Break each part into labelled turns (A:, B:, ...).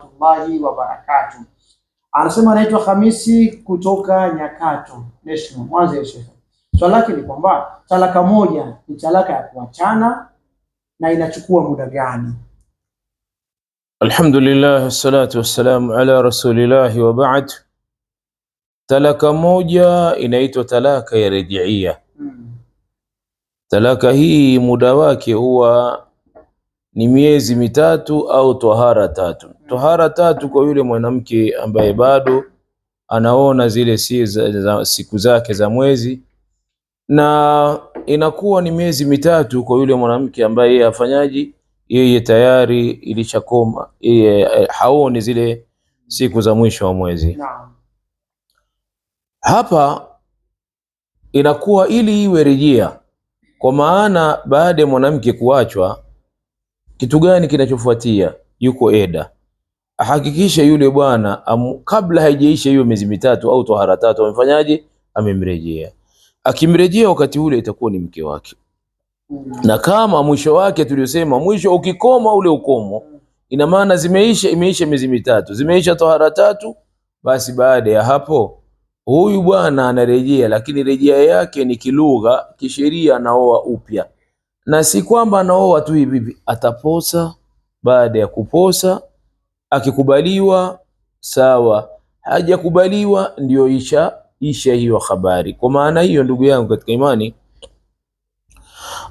A: rahmatullahi wa Anasema anaitwa Hamisi kutoka Nyakato National ya Sheikh, swali lake ni kwamba talaka moja ni talaka ya kuachana na inachukua muda gani?
B: Alhamdulillah, wassalatu wassalamu ala rasulillahi wa ba'd. Talaka moja inaitwa talaka ya rejiia. Hmm. Talaka hii muda wake huwa ni miezi mitatu au tohara tatu. Tohara tatu kwa yule mwanamke ambaye bado anaona zile siku zake za mwezi, na inakuwa ni miezi mitatu kwa yule mwanamke ambaye yeye afanyaji, yeye tayari ilishakoma, yeye eh, haoni zile siku za mwisho wa mwezi na. Hapa inakuwa ili iwe rejea, kwa maana baada ya mwanamke kuachwa kitu gani kinachofuatia? Yuko eda, ahakikishe yule bwana kabla haijaisha hiyo miezi mitatu au tohara tatu amefanyaje? Amemrejea. Akimrejea wakati ule itakuwa ni mke wake, na kama mwisho wake tuliosema, mwisho ukikoma ule ukomo, ina maana zimeisha, imeisha miezi mitatu, zimeisha tohara tatu, basi baada ya hapo huyu bwana anarejea, lakini rejea yake ni kilugha, kisheria anaoa upya na si kwamba anaoa tu hivi, ataposa. Baada ya kuposa akikubaliwa sawa, hajakubaliwa ndiyo isha isha hiyo habari. Kwa maana hiyo, ndugu yangu katika imani,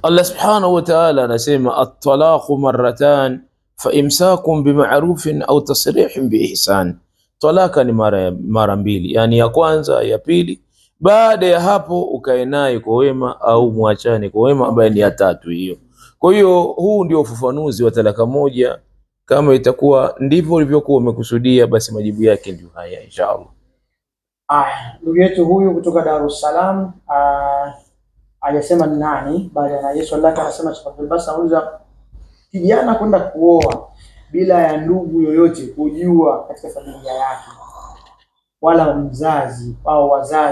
B: Allah subhanahu wa ta'ala anasema at-talaqu marratan fa imsakun bima'rufin au bi biihsan, talaka ni mara mara mbili, yani ya kwanza, ya pili baada ya hapo ukae naye kwa wema au mwachane kwa wema, ambaye ni ya tatu hiyo. Kwa hiyo huu ndio ufafanuzi wa talaka moja. Kama itakuwa ndivyo ulivyokuwa umekusudia, basi majibu yake ndio haya inshallah.
A: Ah, ndugu yetu huyu kutoka Dar es Salaam ah, ajasema ni nani, Baada anaje Yesu Allah anasema basi anauliza kijana kwenda kuoa bila ya ndugu yoyote kujua katika familia yake wala mzazi au wazazi